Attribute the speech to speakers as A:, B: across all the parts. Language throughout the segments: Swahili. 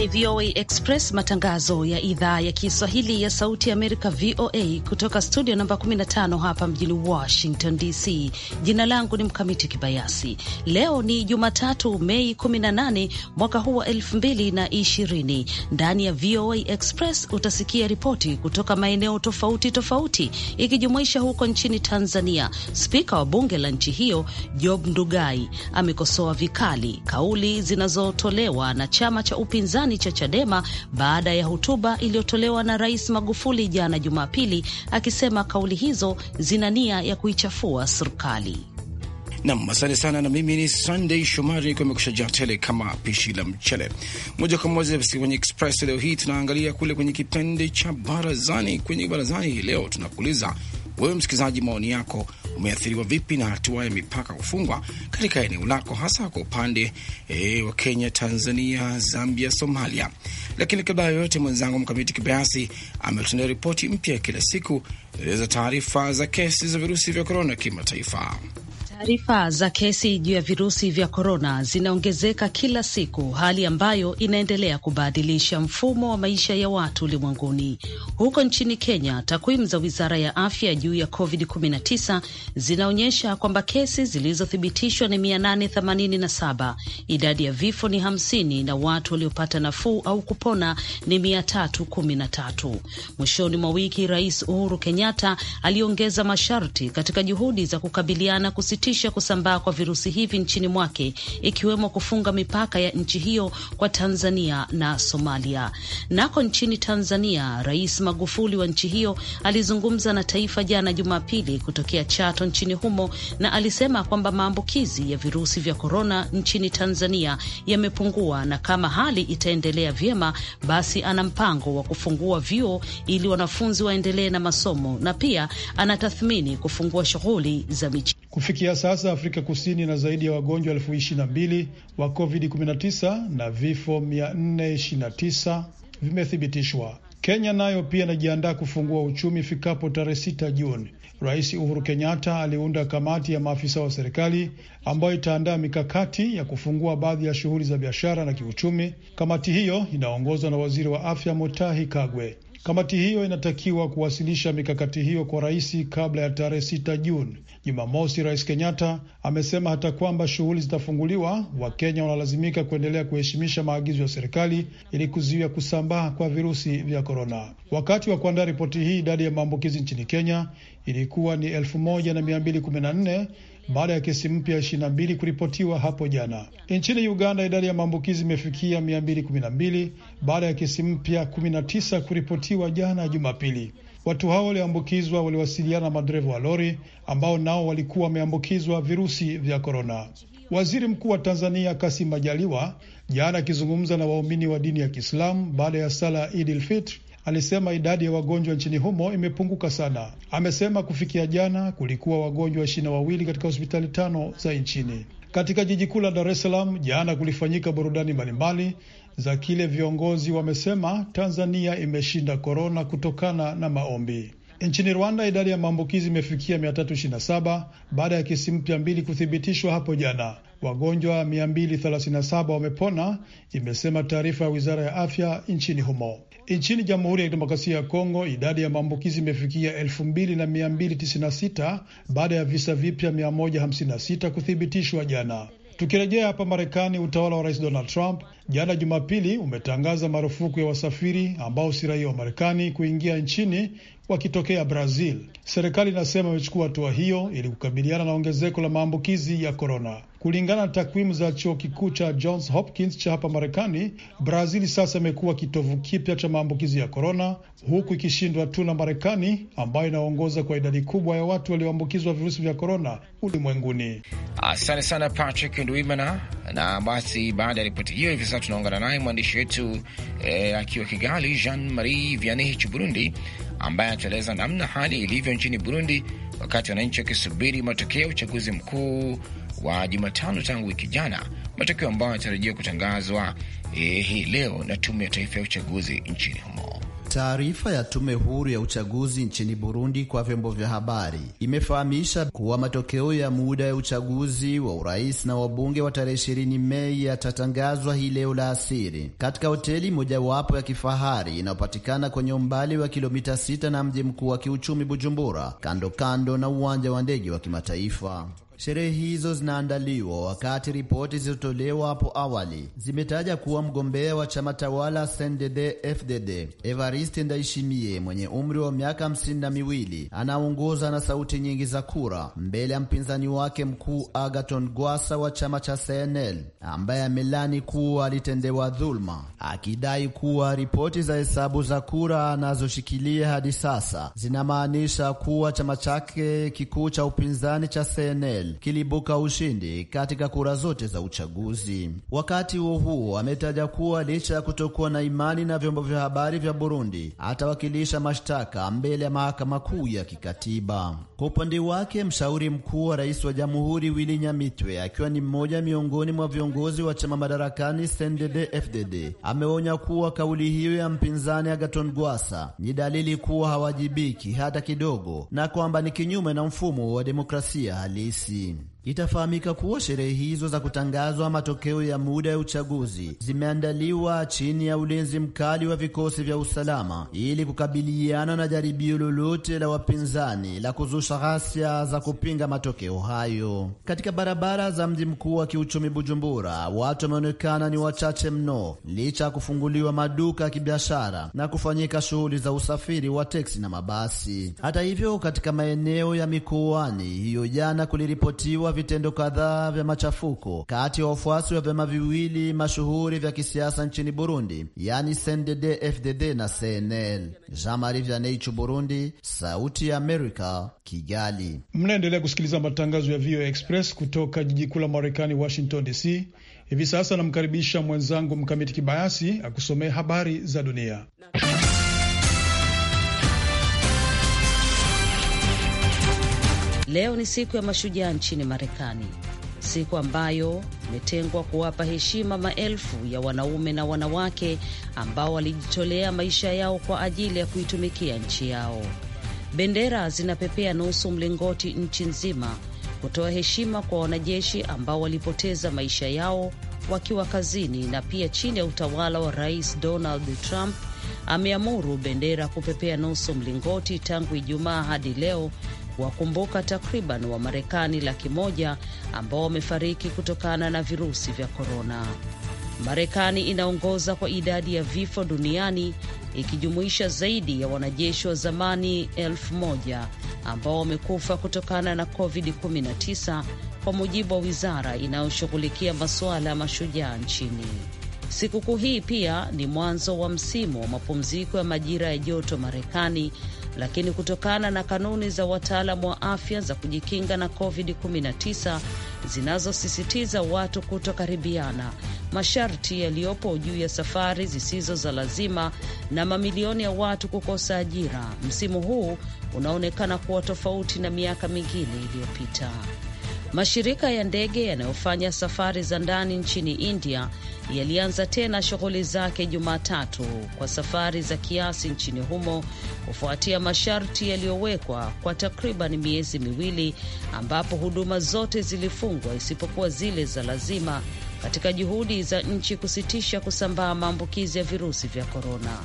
A: ni VOA Express, matangazo ya idhaa ya Kiswahili ya Sauti ya Amerika, VOA, kutoka studio namba 15 hapa mjini Washington DC. Jina langu ni Mkamiti Kibayasi. Leo ni Jumatatu, Mei 18 mwaka huu wa 2020. Ndani ya VOA Express utasikia ripoti kutoka maeneo tofauti tofauti, ikijumuisha huko nchini Tanzania. Spika wa bunge la nchi hiyo Job Ndugai amekosoa vikali kauli zinazotolewa na chama cha upinzani kizimbani cha Chadema baada ya hotuba iliyotolewa na Rais Magufuli jana Jumapili, akisema kauli hizo zina nia ya kuichafua serikali.
B: Nam, asante sana. Na mimi ni Sunday Shomari, kwa imekushajaa tele kama pishi la mchele. Moja kwa moja basi kwenye Express leo hii tunaangalia kule kwenye kipindi cha barazani. Kwenye barazani hii leo tunakuuliza wewe msikilizaji, maoni yako, umeathiriwa vipi na hatua ya mipaka kufungwa katika eneo lako, hasa kwa upande e, wa Kenya, Tanzania, Zambia, Somalia? Lakini kabla ya yoyote, mwenzangu Mkamiti Kibayasi ametuandalia ripoti mpya kila siku, eh, za taarifa za kesi za virusi vya korona kimataifa.
A: Taarifa za kesi juu ya virusi vya korona zinaongezeka kila siku, hali ambayo inaendelea kubadilisha mfumo wa maisha ya watu ulimwenguni. Huko nchini Kenya, takwimu za wizara ya afya juu ya COVID-19 zinaonyesha kwamba kesi zilizothibitishwa ni 887, idadi ya vifo ni 50 na watu waliopata nafuu au kupona ni 313. Mwishoni mwa wiki, Rais Uhuru Kenyatta aliongeza masharti katika juhudi za kukabiliana kusitisha kusitisha kusambaa kwa virusi hivi nchini mwake, ikiwemo kufunga mipaka ya nchi hiyo kwa Tanzania na Somalia. Nako nchini Tanzania, Rais Magufuli wa nchi hiyo alizungumza na taifa jana Jumapili kutokea Chato nchini humo, na alisema kwamba maambukizi ya virusi vya korona nchini Tanzania yamepungua na kama hali itaendelea vyema, basi ana mpango wa kufungua vyuo ili wanafunzi waendelee na masomo na pia anatathmini kufungua shughuli za michezo.
C: Kufikia sasa Afrika Kusini ina zaidi ya wagonjwa elfu ishirini na mbili wa COVID-19 na vifo 429 vimethibitishwa. Kenya nayo pia inajiandaa kufungua uchumi ifikapo tarehe 6 Juni. Rais Uhuru Kenyatta aliunda kamati ya maafisa wa serikali ambayo itaandaa mikakati ya kufungua baadhi ya shughuli za biashara na kiuchumi. Kamati hiyo inaongozwa na waziri wa afya Mutahi Kagwe. Kamati hiyo inatakiwa kuwasilisha mikakati hiyo kwa rais kabla ya tarehe sita Juni. Jumamosi, Rais Kenyatta amesema hata kwamba shughuli zitafunguliwa, Wakenya wanalazimika kuendelea kuheshimisha maagizo ya serikali ili kuzuia kusambaa kwa virusi vya korona. Wakati wa kuandaa ripoti hii, idadi ya maambukizi nchini Kenya ilikuwa ni elfu moja na mia mbili kumi na nne baada ya kesi mpya 22 kuripotiwa hapo jana. Nchini Uganda, idadi ya maambukizi imefikia 212 baada ya kesi mpya 19 kuripotiwa jana Jumapili. Watu hao walioambukizwa waliwasiliana na madereva wa lori ambao nao walikuwa wameambukizwa virusi vya korona. Waziri Mkuu wa Tanzania Kassim Majaliwa jana akizungumza na waumini wa dini ya Kiislamu baada ya sala Idil Fitr alisema idadi ya wagonjwa nchini humo imepunguka sana. Amesema kufikia jana kulikuwa wagonjwa ishirini na wawili katika hospitali tano za nchini. Katika jiji kuu la Dar es Salaam jana kulifanyika burudani mbalimbali za kile viongozi wamesema Tanzania imeshinda korona kutokana na maombi. Nchini Rwanda idadi ya maambukizi imefikia 327 baada ya kesi mpya mbili kuthibitishwa hapo jana. Wagonjwa 237 wamepona, imesema taarifa ya wizara ya afya nchini humo. Nchini Jamhuri ya Kidemokrasia ya Kongo, idadi ya maambukizi imefikia elfu mbili na mia mbili tisini sita baada ya visa vipya 156 kuthibitishwa jana. Tukirejea hapa Marekani, utawala wa rais Donald Trump jana Jumapili umetangaza marufuku ya wasafiri ambao si raia wa Marekani kuingia nchini wakitokea Brazil. Serikali inasema imechukua hatua hiyo ili kukabiliana na ongezeko la maambukizi ya korona. Kulingana na takwimu za chuo kikuu cha Johns Hopkins cha hapa Marekani, Brazili sasa imekuwa kitovu kipya cha maambukizi ya korona, huku ikishindwa tu na Marekani ambayo inaongoza kwa idadi kubwa ya watu walioambukizwa virusi vya korona ulimwenguni.
B: Asante sana Patrick Ndwimana. Na basi baada ya ripoti hiyo, hivi sasa tunaungana naye mwandishi wetu eh, akiwa Kigali, Jean Marie Vianney Burundi, ambaye anatueleza namna hali ilivyo nchini Burundi wakati wananchi wakisubiri matokeo ya uchaguzi mkuu wa Jumatano tangu wiki jana, matokeo ambayo yanatarajiwa kutangazwa eh, hii leo na tume ya taifa ya uchaguzi nchini humo.
D: Taarifa ya tume huru ya uchaguzi nchini Burundi kwa vyombo vya habari imefahamisha kuwa matokeo ya muda ya uchaguzi wa urais na wabunge wa tarehe ishirini Mei yatatangazwa hii leo la asiri katika hoteli mojawapo ya kifahari inayopatikana kwenye umbali wa kilomita 6 na mji mkuu wa kiuchumi Bujumbura, kando kando na uwanja wa ndege wa kimataifa. Sherehe hizo zinaandaliwa wakati ripoti zilizotolewa hapo awali zimetaja kuwa mgombea wa chama tawala CNDD FDD Evariste Ndayishimiye mwenye umri wa miaka hamsini na miwili anaongoza na sauti nyingi za kura mbele ya mpinzani wake mkuu Agaton Gwasa wa chama cha CNL ambaye amelani kuwa alitendewa dhuluma, akidai kuwa ripoti za hesabu za kura anazoshikilia hadi sasa zinamaanisha kuwa chama chake kikuu cha upinzani cha CNL kilibuka ushindi katika kura zote za uchaguzi. Wakati huo huo, ametaja kuwa licha ya kutokuwa na imani na vyombo vya habari vya Burundi, atawakilisha mashtaka mbele ya mahakama kuu ya kikatiba. Kwa upande wake, mshauri mkuu wa rais wa jamhuri Willy Nyamitwe, akiwa ni mmoja miongoni mwa viongozi wa chama madarakani CNDD-FDD, ameonya kuwa kauli hiyo ya mpinzani agaton Gwasa ni dalili kuwa hawajibiki hata kidogo na kwamba ni kinyume na mfumo wa demokrasia halisi. muslimiin Itafahamika kuwa sherehe hizo za kutangazwa matokeo ya muda ya uchaguzi zimeandaliwa chini ya ulinzi mkali wa vikosi vya usalama ili kukabiliana na jaribio lolote la wapinzani la kuzusha ghasia za kupinga matokeo hayo. Katika barabara za mji mkuu wa kiuchumi Bujumbura, watu wameonekana ni wachache mno, licha ya kufunguliwa maduka ya kibiashara na kufanyika shughuli za usafiri wa teksi na mabasi. Hata hivyo, katika maeneo ya mikoani hiyo jana kuliripotiwa kuwa vitendo kadhaa vya machafuko kati ya wafuasi wa vyama viwili mashuhuri vya kisiasa nchini Burundi, yani CNDD FDD na CNL. Jean-Marie Vianney, Burundi, Sauti ya Amerika, Kigali.
C: Mnaendelea kusikiliza matangazo ya VOA Express kutoka jiji kuu la Marekani, Washington DC. Hivi sasa namkaribisha mwenzangu Mkamiti Kibayasi akusomee habari za dunia.
A: Leo ni siku ya mashujaa nchini Marekani, siku ambayo imetengwa kuwapa heshima maelfu ya wanaume na wanawake ambao walijitolea maisha yao kwa ajili ya kuitumikia nchi yao. Bendera zinapepea nusu mlingoti nchi nzima kutoa heshima kwa wanajeshi ambao walipoteza maisha yao wakiwa kazini. Na pia chini ya utawala wa Rais Donald Trump ameamuru bendera kupepea nusu mlingoti tangu Ijumaa hadi leo kuwakumbuka takriban Marekani laki moja ambao wamefariki kutokana na virusi vya korona. Marekani inaongoza kwa idadi ya vifo duniani ikijumuisha zaidi ya wanajeshi wa zamani elfu moja ambao wamekufa kutokana na COVID-19 kwa mujibu wa wizara inayoshughulikia masuala ya mashujaa nchini. Sikukuu hii pia ni mwanzo wa msimu wa mapumziko ya majira ya joto Marekani lakini kutokana na kanuni za wataalamu wa afya za kujikinga na COVID-19 zinazosisitiza watu kutokaribiana, masharti yaliyopo juu ya safari zisizo za lazima na mamilioni ya watu kukosa ajira, msimu huu unaonekana kuwa tofauti na miaka mingine iliyopita. Mashirika ya ndege yanayofanya safari za ndani nchini India yalianza tena shughuli zake Jumatatu kwa safari za kiasi nchini humo kufuatia masharti yaliyowekwa kwa takriban miezi miwili, ambapo huduma zote zilifungwa isipokuwa zile za lazima katika juhudi za nchi kusitisha kusambaa maambukizi ya virusi vya korona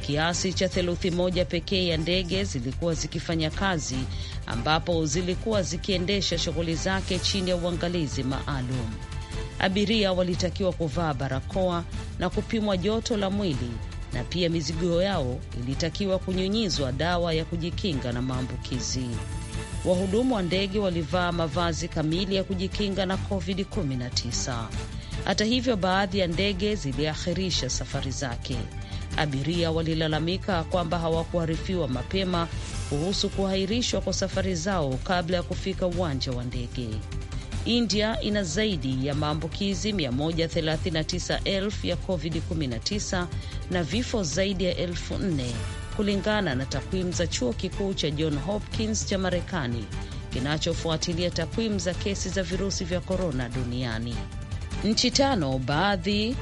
A: kiasi cha theluthi moja pekee ya ndege zilikuwa zikifanya kazi, ambapo zilikuwa zikiendesha shughuli zake chini ya uangalizi maalum. Abiria walitakiwa kuvaa barakoa na kupimwa joto la mwili na pia mizigo yao ilitakiwa kunyunyizwa dawa ya kujikinga na maambukizi. Wahudumu wa ndege walivaa mavazi kamili ya kujikinga na COVID-19. Hata hivyo, baadhi ya ndege ziliakhirisha safari zake. Abiria walilalamika kwamba hawakuarifiwa mapema kuhusu kuhairishwa kwa safari zao kabla ya kufika uwanja wa ndege. India ina zaidi ya maambukizi 139,000 ya COVID-19 na vifo zaidi ya 4 kulingana na takwimu za chuo kikuu cha John Hopkins cha Marekani kinachofuatilia takwimu za kesi za virusi vya korona duniani. Nchi tano baadhi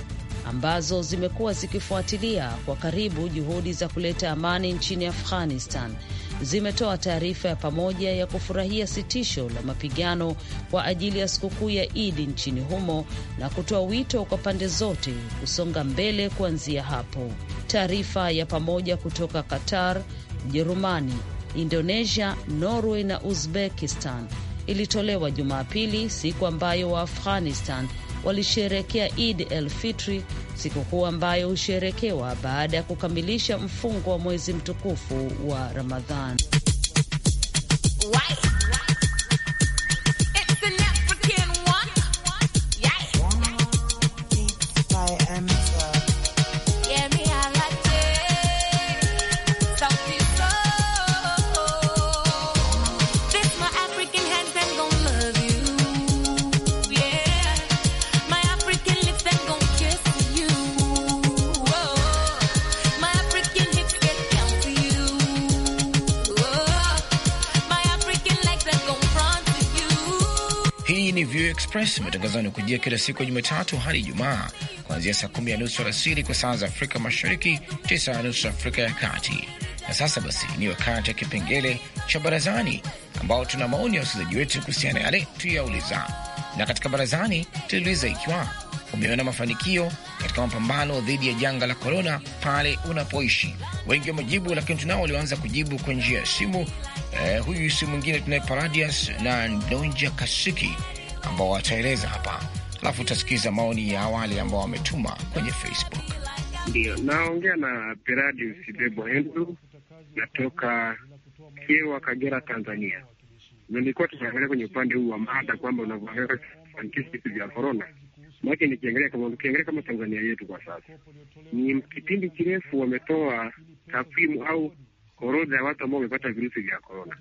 A: ambazo zimekuwa zikifuatilia kwa karibu juhudi za kuleta amani nchini Afghanistan zimetoa taarifa ya pamoja ya kufurahia sitisho la mapigano kwa ajili ya sikukuu ya Idi nchini humo na kutoa wito kwa pande zote kusonga mbele kuanzia hapo. Taarifa ya pamoja kutoka Qatar, Ujerumani, Indonesia, Norway na Uzbekistan ilitolewa Jumapili, siku ambayo Waafghanistan walisherekea Id el Fitri, sikukuu ambayo husherekewa baada ya kukamilisha mfungo wa mwezi mtukufu wa Ramadhan.
B: Express. Matangazo yanakujia kila siku ya Jumatatu hadi Ijumaa kuanzia saa kumi na nusu alasiri kwa saa za Afrika Mashariki, tisa na nusu Afrika ya Kati. Na sasa basi, ni wakati ya kipengele cha barazani, ambao tuna maoni ya wasikilizaji wetu kuhusiana yale tuyauliza. Na katika barazani tuliuliza ikiwa umeona mafanikio katika mapambano dhidi ya janga la korona pale unapoishi. Wengi wamejibu, lakini tunao walioanza kujibu kwa njia ya simu. Eh, huyu si mwingine tunaye Paradias na Ndonja Kasiki ambao wataeleza hapa, alafu utasikiza maoni ya awali ambao wametuma kwenye Facebook.
E: Ndio naongea na Piradi Sibebo Endu, natoka Kiewa, Kagera, Tanzania. Nilikuwa tunaangalia kwenye upande huu wa mada kwamba unavyoangalia vitu vya korona maake, nikiangalia kama ukiangalia kama Tanzania yetu kwa sasa ni kipindi kirefu, wametoa takwimu au orodha ya watu ambao wamepata virusi vya korona,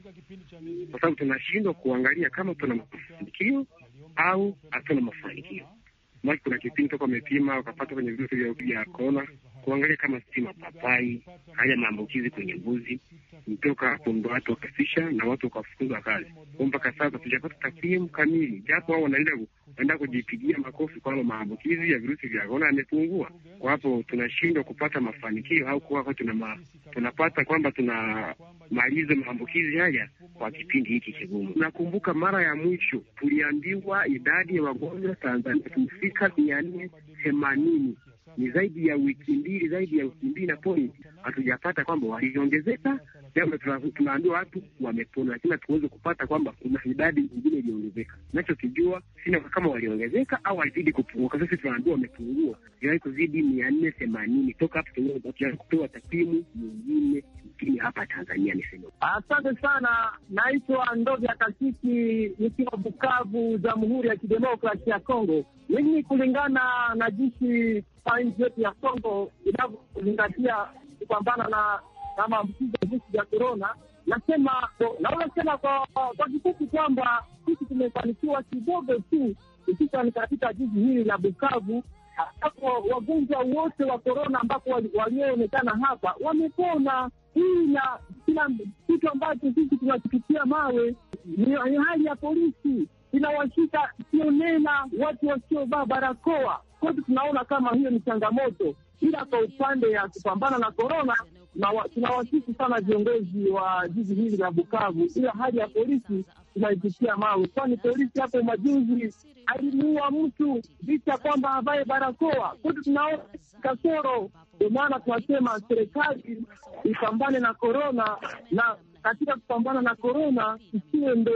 E: kwa sababu tunashindwa kuangalia kama tuna mafanikio au hatuna mafanikio. maki kuna kipindi toka wamepima wakapata kwenye virusi vya korona, kuangalia kama si mapapai haya maambukizi kwenye mbuzi, mtoka kundo watu wakasisha na watu wakafukuzwa kazi. Mpaka sasa tujapata takwimu kamili, japo hao wanaenda enda kujipigia makofi kwamba maambukizi ya virusi vya korona yamepungua. Kwa hapo tunashindwa kupata mafanikio au kwa tuna ma, tunapata kwamba tunamaliza maambukizi haya kwa kipindi hiki kigumu. Nakumbuka mara ya mwisho tuliambiwa idadi ya wagonjwa Tanzania tumefika mia nne themanini ni zaidi ya wiki mbili, zaidi ya wiki mbili na pointi, hatujapata kwamba waliongezeka Jambo tunaambiwa watu wamepona, lakini hatuwezi kupata kwamba kuna idadi nyingine iliongezeka. Nachokijua sina kama waliongezeka au walizidi kupungua, kwa tunaambiwa wamepungua, iliwahi
F: kuzidi mia nne themanini toka hapo kupewa takwimu nyingine nchini hapa Tanzania. Niseme asante sana. Naitwa Ndovya Kasiki nikiwa Bukavu, Jamhuri ya Kidemokrasi ya Kongo. Mimi kulingana na jinsi sainsi yetu ya Kongo inavyozingatia kupambana na kama ambukiza virusi vya korona. Nasema naweza kusema kwa kifupi kwamba sisi tumefanikiwa kidogo tu, hususani katika jiji hili la Bukavu, ambapo wagonjwa wote wa korona ambapo walioonekana hapa wamepona. Hii na kila kitu ambacho sisi tunachukia mawe ni hali ya polisi inawashika sionena watu wasiovaa barakoa kwetu. Tunaona kama hiyo ni changamoto, ila kwa upande ya kupambana na korona tunawasifu sana viongozi wa jiji hili la Bukavu, ila hali ya polisi tunaipitia mawe, kwani polisi hapo majuzi alimuua mtu licha kwamba avae barakoa. Kwetu tunaona kasoro, ndio maana tunasema serikali ipambane na korona, na katika kupambana na korona isiwe ndo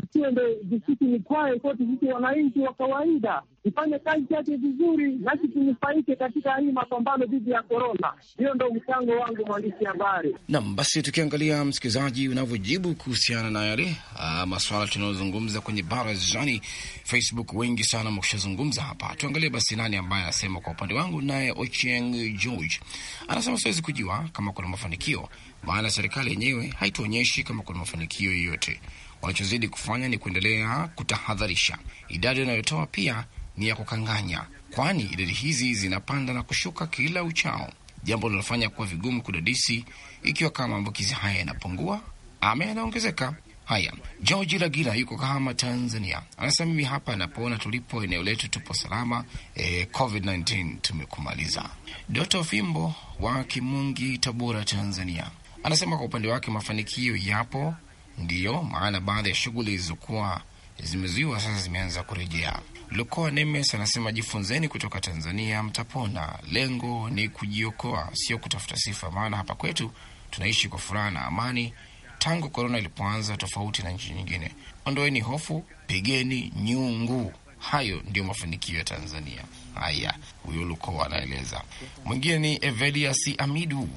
F: tusiende visikimikwae sote sisi wananchi wa kawaida, tufanye kazi yake vizuri, nasi tunufaike katika hii mapambano dhidi ya korona. Hiyo ndo mchango wangu, mwandishi habari.
B: Naam, basi tukiangalia msikilizaji unavyojibu kuhusiana na yale ah, maswala tunayozungumza kwenye barazani Facebook, wengi sana mkushazungumza hapa. Tuangalie basi nani ambaye anasema. Kwa upande wangu, naye Ochieng George anasema siwezi kujua kama kuna mafanikio, maana serikali yenyewe haituonyeshi kama kuna mafanikio yoyote wanachozidi kufanya ni kuendelea kutahadharisha. Idadi wanayotoa pia ni ya kukanganya, kwani idadi hizi zinapanda na kushuka kila uchao, jambo linalofanya kuwa vigumu kudadisi ikiwa kama maambukizi haya yanapungua ama yanaongezeka. Haya, George Lagila yuko Kahama, Tanzania, anasema mimi hapa napoona tulipo eneo letu tupo salama eh, COVID-19 tumekumaliza. Doto Fimbo wa Kimungi, Tabora, Tanzania, anasema kwa upande wake mafanikio yapo Ndiyo maana baadhi ya shughuli zilizokuwa zimezuiwa sasa zimeanza kurejea. Lukoa Nemes anasema jifunzeni kutoka Tanzania, mtapona. Lengo ni kujiokoa, sio kutafuta sifa, maana hapa kwetu tunaishi kwa furaha na amani tangu korona ilipoanza, tofauti na nchi nyingine. Ondoeni hofu, pigeni nyungu. Hayo ndiyo mafanikio ya Tanzania. Haya, huyo Lukoa anaeleza. Mwingine ni Evelia si Amidu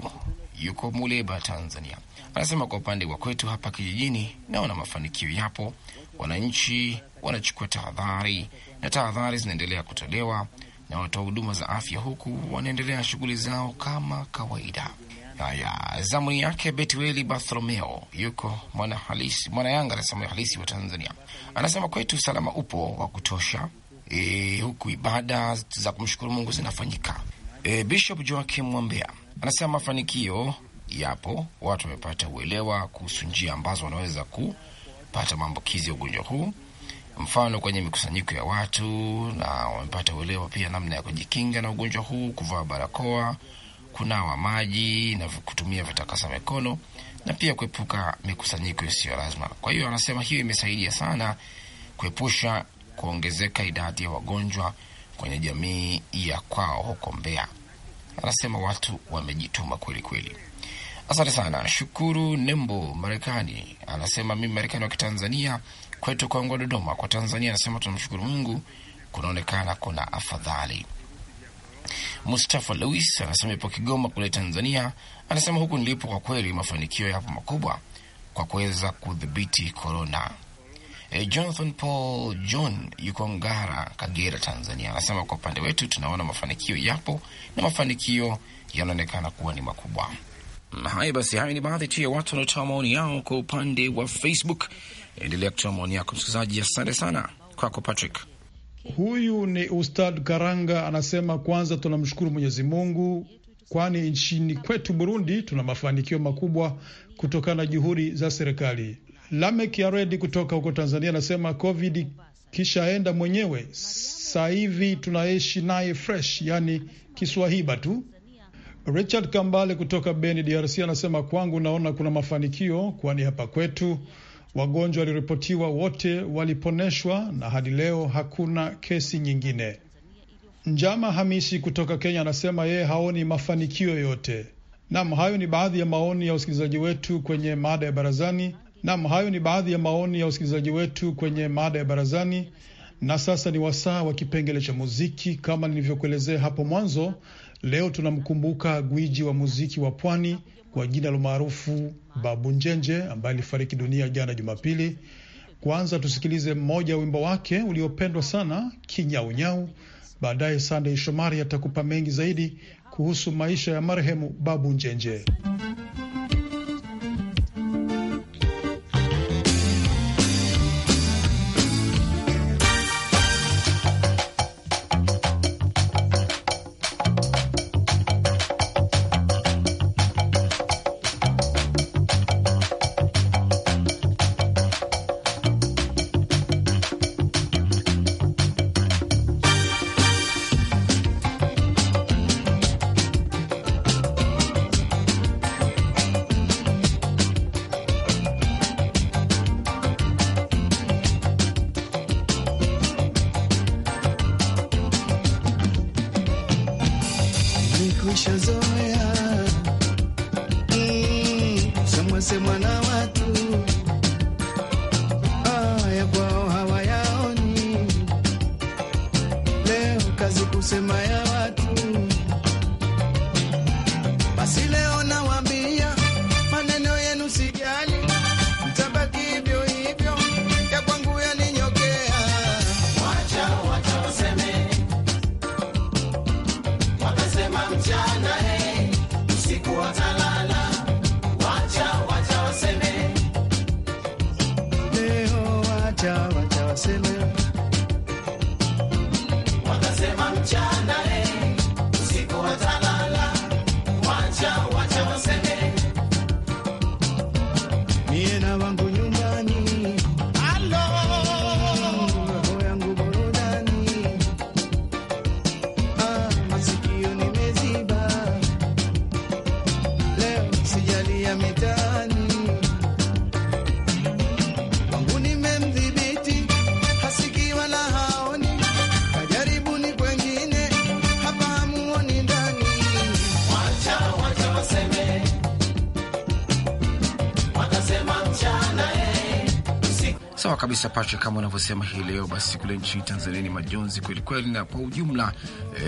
B: yuko Muleba, Tanzania, anasema kwa upande wa kwetu hapa kijijini, naona mafanikio yapo, wananchi wanachukua tahadhari na tahadhari zinaendelea kutolewa na watoa huduma za afya, huku wanaendelea shughuli zao kama kawaida. Haya, zamuni yake Betueli Bartholomeo yuko mwana halisi, mwana Yanga, anasema halisi wa Tanzania, anasema kwetu usalama upo wa kutosha, e, huku ibada za kumshukuru Mungu zinafanyika E, Bishop Joakim Mwambea anasema mafanikio yapo, watu wamepata uelewa kuhusu njia ambazo wanaweza kupata maambukizi ya ugonjwa huu, mfano kwenye mikusanyiko ya watu, na wamepata uelewa pia namna ya kujikinga na ugonjwa huu, kuvaa barakoa, kunawa maji na kutumia vitakasa mikono na pia kuepuka mikusanyiko isiyo lazima. Kwa hiyo anasema hiyo imesaidia sana kuepusha kuongezeka idadi ya wagonjwa kwenye jamii ya kwao huko Mbeya. Anasema watu wamejituma kweli kweli. Asante sana Shukuru Nembo, Marekani, anasema mimi Marekani wa Kitanzania, kwetu Kongwa, Dodoma kwa Tanzania. Anasema tunamshukuru Mungu, kunaonekana kuna afadhali. Mustafa Lewis anasema ipo Kigoma kule Tanzania, anasema huku nilipo, kwa kweli mafanikio yapo makubwa kwa kuweza kudhibiti korona. E, Jonathan Paul John yuko Ngara, Kagera, Tanzania, anasema kwa upande wetu tunaona mafanikio yapo na mafanikio yanaonekana kuwa ni makubwa. Haya basi, hayo ni baadhi tu ya watu wanaotoa maoni yao kwa upande wa Facebook. Endelea kutoa maoni yako msikilizaji, asante sana kwako Patrick.
C: Huyu ni Ustad Karanga anasema, kwanza tunamshukuru Mwenyezi Mungu kwani nchini kwetu Burundi tuna mafanikio makubwa kutokana na juhudi za serikali. Lamek Yaredi kutoka huko Tanzania anasema covid kishaenda mwenyewe, saa hivi tunaishi naye fresh, yani kiswahiba tu. Richard Kambale kutoka Beni, DRC anasema kwangu naona kuna mafanikio, kwani hapa kwetu wagonjwa walioripotiwa wote waliponeshwa na hadi leo hakuna kesi nyingine. Njama Hamisi kutoka Kenya anasema yeye haoni mafanikio yoyote. Nam, hayo ni baadhi ya maoni ya wasikilizaji wetu kwenye mada ya barazani. Nam, hayo ni baadhi ya maoni ya wasikilizaji wetu kwenye mada ya barazani. Na sasa ni wasaa wa kipengele cha muziki. Kama nilivyokuelezea hapo mwanzo, leo tunamkumbuka gwiji wa muziki wa pwani kwa jina la maarufu Babu Njenje ambaye alifariki dunia jana Jumapili. Kwanza tusikilize mmoja wa wimbo wake uliopendwa sana, Kinyaunyau. Baadaye Sandey Shomari atakupa mengi zaidi kuhusu maisha ya marehemu Babu Njenje.
B: kabisa Patrick, kama unavyosema hii leo, basi kule nchini Tanzania ni majonzi kwelikweli, na kwa ujumla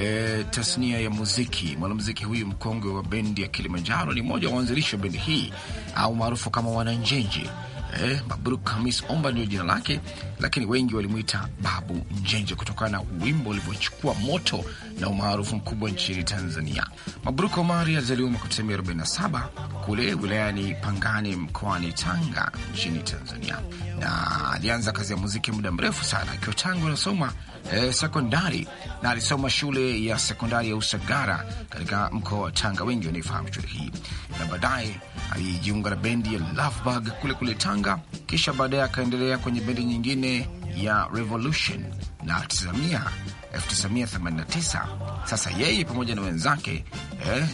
B: e, tasnia ya muziki. Mwanamuziki huyu mkongwe wa bendi ya Kilimanjaro ni mmoja wa waanzilishi wa bendi hii au maarufu kama Wananjenje eh, Mabruk Hamis Omba ndio jina lake, lakini wengi walimwita Babu Njenje kutokana na wimbo ulivyochukua moto na umaarufu mkubwa nchini Tanzania. Mabruk Omari alizaliwa mwaka 1947 kule wilayani Pangani mkoani Tanga nchini Tanzania, na alianza kazi ya muziki muda mrefu sana akiwa tangu anasoma eh, sekondari, na alisoma shule ya sekondari ya Usagara katika mkoa wa Tanga, wengi wanaifahamu shule hii, na baadaye alijiunga na bendi ya Lovebug kule kule Tanga Mwanga, kisha baadaye akaendelea kwenye bendi nyingine ya Revolution na 1989. Sasa yeye pamoja na wenzake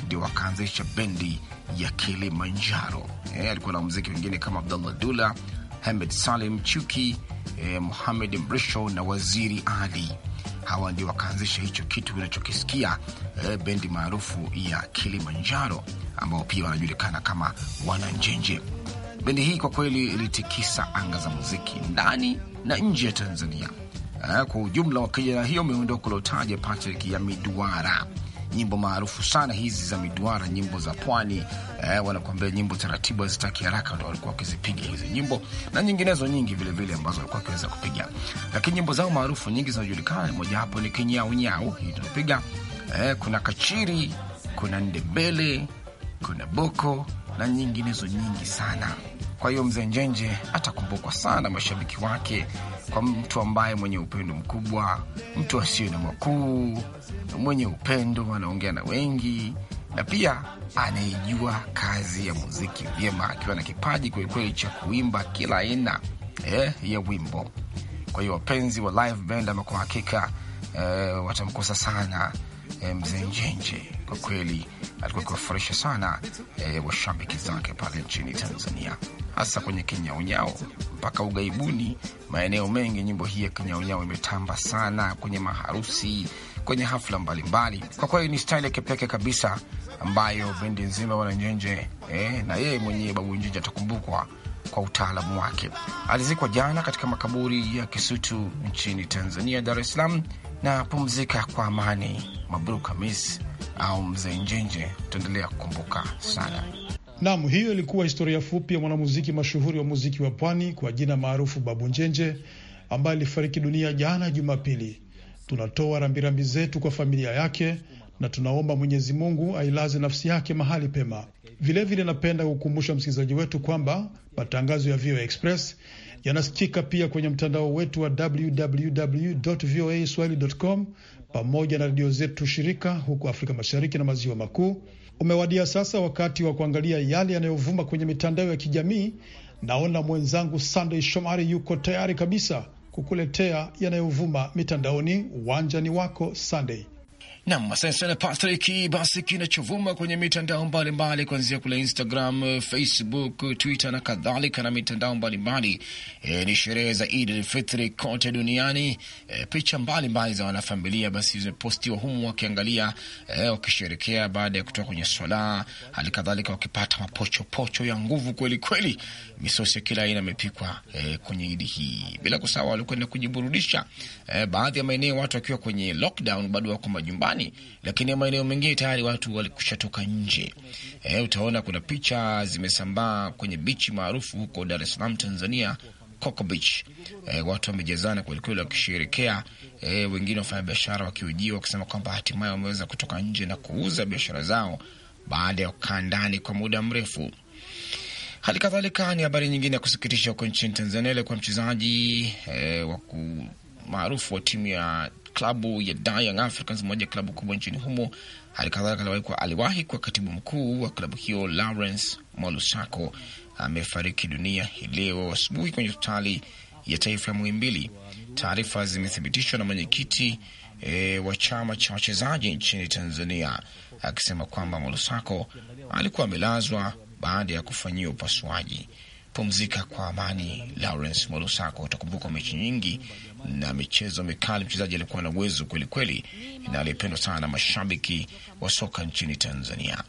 B: ndio eh, wakaanzisha bendi ya Kilimanjaro. Eh, alikuwa na muziki wengine kama Abdullah Dula, Hamed Salim Chuki, eh, Muhamed Mrisho na Waziri Ali. Hawa ndio wakaanzisha hicho kitu unachokisikia eh, bendi maarufu ya Kilimanjaro ambao pia wanajulikana kama Wananjenje. Bendi hii kwa kweli ilitikisa anga za muziki ndani na nje ya Tanzania eh, kwa ujumla. wa kijana hiyo miondoko kulotaja Patrick, ya miduara, nyimbo maarufu sana hizi za miduara, nyimbo za pwani eh, wanakuambia nyimbo taratibu, hazitaki haraka, ndo walikuwa wakizipiga hizi nyimbo na nyinginezo nyingi vilevile vile ambazo walikuwa wakiweza kupiga, lakini nyimbo zao maarufu nyingi zinajulikana. Mojawapo ni kinyaunyau, hii tunapiga eh, kuna kachiri, kuna ndebele, kuna boko na nyinginezo nyingi sana. Kwa hiyo mzee Njenje atakumbukwa sana mashabiki wake kwa mtu ambaye mwenye upendo mkubwa, mtu asiye na makuu, mwenye upendo, anaongea na wengi na pia anaijua kazi ya muziki vyema, akiwa na kipaji kwelikweli cha kuimba kila aina eh, ya wimbo. Kwa hiyo wapenzi wa live band ama kwa hakika eh, watamkosa sana Eh, mzee Njenje kwa kweli alikuwa akiwafurahisha sana eh, washabiki zake pale nchini Tanzania, hasa kwenye kinyaonyao mpaka ugaibuni. Maeneo mengi nyimbo hii ya kinyaonyao imetamba sana kwenye maharusi, kwenye hafla mbalimbali mbali. Kwa kweli ni staili ya kipekee kabisa ambayo bendi nzima wana Njenje eh, na yeye mwenyewe babu Njenje atakumbukwa kwa utaalamu wake. Alizikwa jana katika makaburi ya Kisutu nchini Tanzania, Dar es Salaam na pumzika kwa amani. Mabruk Hamis au Mzee Njenje, tutaendelea kukumbuka sana.
C: Nam, hiyo ilikuwa historia fupi ya mwanamuziki mashuhuri wa muziki wa pwani kwa jina maarufu Babu Njenje ambaye alifariki dunia jana Jumapili. Tunatoa rambirambi zetu kwa familia yake na tunaomba Mwenyezi Mungu ailaze nafsi yake mahali pema. Vilevile, napenda kukumbusha msikilizaji wetu kwamba matangazo ya VOA Express yanasikika pia kwenye mtandao wetu wa www.voaswahili.com pamoja na redio zetu shirika huko Afrika Mashariki na Maziwa Makuu. Umewadia sasa wakati wa kuangalia yale yanayovuma kwenye mitandao ya kijamii. Naona mwenzangu sandey Shomari yuko tayari kabisa kukuletea yanayovuma mitandaoni. Uwanja ni wako sandey
B: Nam, asante sana Patrick. Basi kinachovuma kwenye mitandao mbalimbali kuanzia kule Instagram, Facebook, Twitter na kadhalika na mitandao mbalimbali e, ni sherehe za Idi Elfitri kote duniani e, picha mbalimbali za wanafamilia basi zimepostiwa humu wakiangalia e, wakisherekea baada ya kutoka kwenye swala, hali kadhalika wakipata mapochopocho ya nguvu kweli. Misosi ya kila aina imepikwa e, kwenye Idi hii, bila kusahau walikwenda kujiburudisha e, baadhi ya maeneo watu wakiwa kwenye lockdown bado wako majumbani ndani, lakini maeneo mengine tayari watu walikushatoka nje. E, utaona kuna picha zimesambaa kwenye bichi maarufu huko Dar es Salaam, Tanzania, Coco Beach. E, watu wamejazana kwelikweli wakisherekea, e, wengine wafanya biashara wakiujia wakisema kwamba hatimaye wameweza kutoka nje na kuuza biashara zao baada ya kukaa ndani kwa muda mrefu. Hali kadhalika ni habari nyingine ya kusikitisha huko nchini Tanzania, ilikuwa mchezaji e, maarufu wa timu ya klabu ya Young Africans, moja ya klabu kubwa nchini humo. Hali kadhalika aliwahi kuwa katibu mkuu wa klabu hiyo. Lawrence Molusako amefariki dunia hii leo asubuhi kwenye hospitali ya taifa ya Muhimbili. Taarifa zimethibitishwa na mwenyekiti e, wa chama cha wachezaji nchini Tanzania akisema kwamba Molusako alikuwa amelazwa baada ya kufanyiwa upasuaji. Pumzika kwa amani, Lawrence Molusako. Utakumbuka mechi nyingi na michezo mikali. Mchezaji alikuwa na uwezo kweli kweli na alipendwa sana na mashabiki wa soka nchini Tanzania.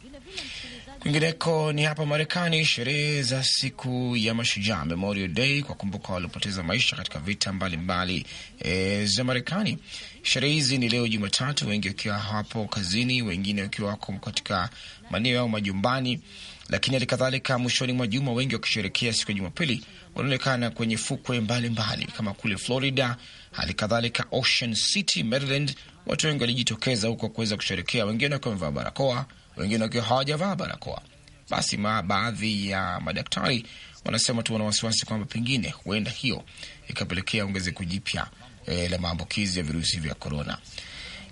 B: Kwingineko ni hapa Marekani, sherehe za siku ya Mashujaa, Memorial Day, kwa kumbuka waliopoteza maisha katika vita mbalimbali e, za Marekani. Sherehe hizi ni leo Jumatatu, wengi wakiwa hawapo kazini, wengine wakiwa wako katika maeneo yao majumbani lakini hali kadhalika mwishoni mwa juma, wengi wakisherekea siku ya Jumapili wanaonekana kwenye fukwe mbalimbali kama kule Florida, hali kadhalika Ocean City, Maryland. Watu wengi walijitokeza huko kuweza kusherekea, wengine wakiwa wamevaa barakoa, wengine wakiwa hawajavaa barakoa. Basi ma baadhi ya madaktari wanasema tu wana wasiwasi kwamba pengine huenda hiyo ikapelekea ongezeko jipya eh, la maambukizi ya virusi vya korona.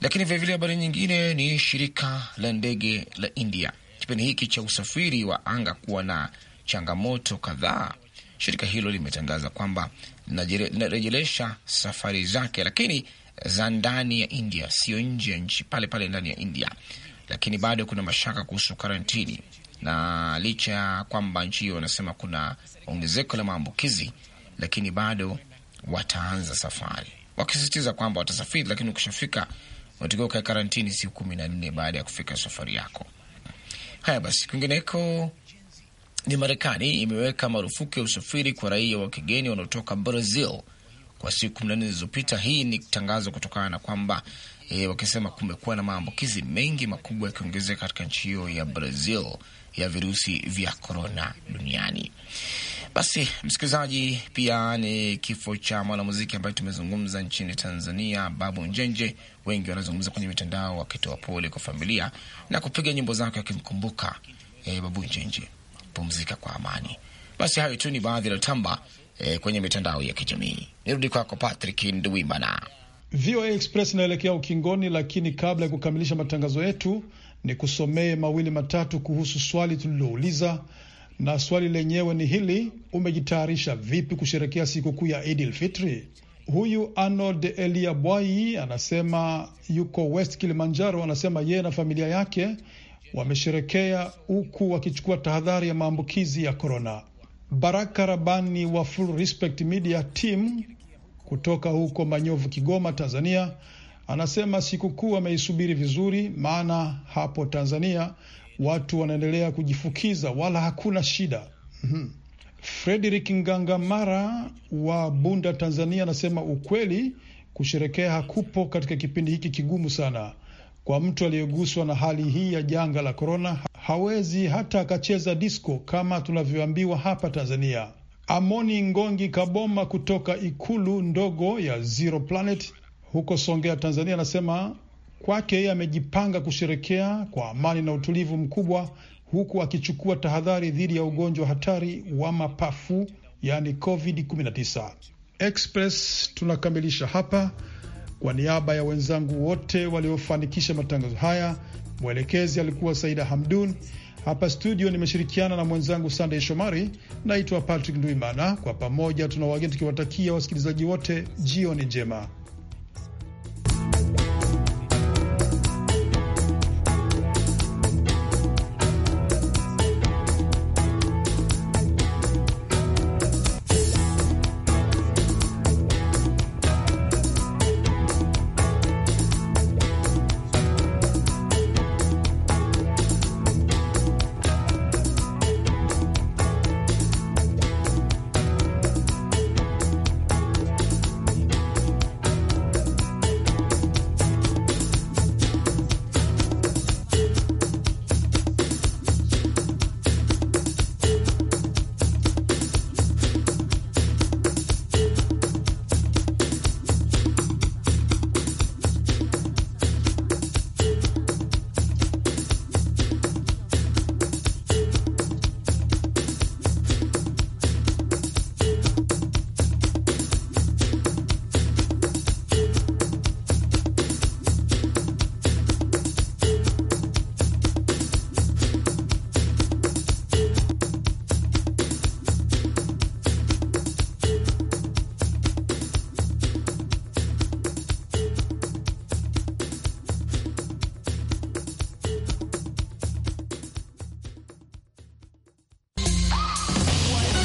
B: Lakini vilevile habari nyingine ni shirika la ndege la India kipindi hiki cha usafiri wa anga kuwa na changamoto kadhaa, shirika hilo limetangaza kwamba linarejelesha safari zake, lakini za ndani ya India, sio nje ya nchi, pale pale ndani ya India. Lakini bado kuna mashaka kuhusu karantini, na licha ya kwamba nchi hiyo wanasema kuna ongezeko la maambukizi, lakini bado wataanza safari wakisisitiza kwamba watasafiri, lakini ukishafika unatakiwa ukae karantini siku kumi na nne baada ya kufika safari yako. Haya basi, kwingineko ni Marekani imeweka marufuku ya usafiri kwa raia wa kigeni wanaotoka Brazil kwa siku kumi na nne zilizopita. Hii ni tangazo kutokana na kwamba e, wakisema kumekuwa na maambukizi mengi makubwa yakiongezeka katika nchi hiyo ya Brazil ya virusi vya korona duniani. Basi msikilizaji, pia ni kifo cha mwanamuziki ambaye tumezungumza nchini Tanzania, Babu Njenje. Wengi wanazungumza kwenye mitandao wakitoa pole kwa familia na kupiga nyimbo zake akimkumbuka eh, Babu Njenje, pumzika kwa amani. Basi hayo tu ni baadhi yaliyotamba eh, kwenye mitandao ya kijamii. Nirudi kwako Patrick Nduwimana.
C: VOA Express inaelekea ukingoni, lakini kabla ya kukamilisha matangazo yetu, ni kusomee mawili matatu kuhusu swali tulilouliza na swali lenyewe ni hili, umejitayarisha vipi kusherekea sikukuu ya Idil Fitri? Huyu Arnold Elia Bwai anasema yuko West Kilimanjaro, anasema yeye na familia yake wamesherekea huku wakichukua tahadhari ya maambukizi ya korona. Baraka Rabani wa Full Respect Media Team kutoka huko Manyovu, Kigoma, Tanzania anasema sikukuu ameisubiri vizuri, maana hapo Tanzania watu wanaendelea kujifukiza wala hakuna shida. Mm-hmm. Frederick Ngangamara wa Bunda, Tanzania, anasema ukweli, kusherekea hakupo katika kipindi hiki kigumu sana. Kwa mtu aliyeguswa na hali hii ya janga la korona, hawezi hata akacheza disko kama tunavyoambiwa hapa Tanzania. Amoni Ngongi Kaboma kutoka ikulu ndogo ya Zero Planet huko Songea, Tanzania, anasema Kwake yeye amejipanga kusherekea kwa amani na utulivu mkubwa, huku akichukua tahadhari dhidi ya ugonjwa hatari wa mapafu yani COVID-19. Express tunakamilisha hapa. Kwa niaba ya wenzangu wote waliofanikisha matangazo haya, mwelekezi alikuwa Saida Hamdun. Hapa studio nimeshirikiana na mwenzangu Sandey Shomari. Naitwa Patrick Ndwimana. Kwa pamoja tuna tukiwatakia wasikilizaji wote jioni njema.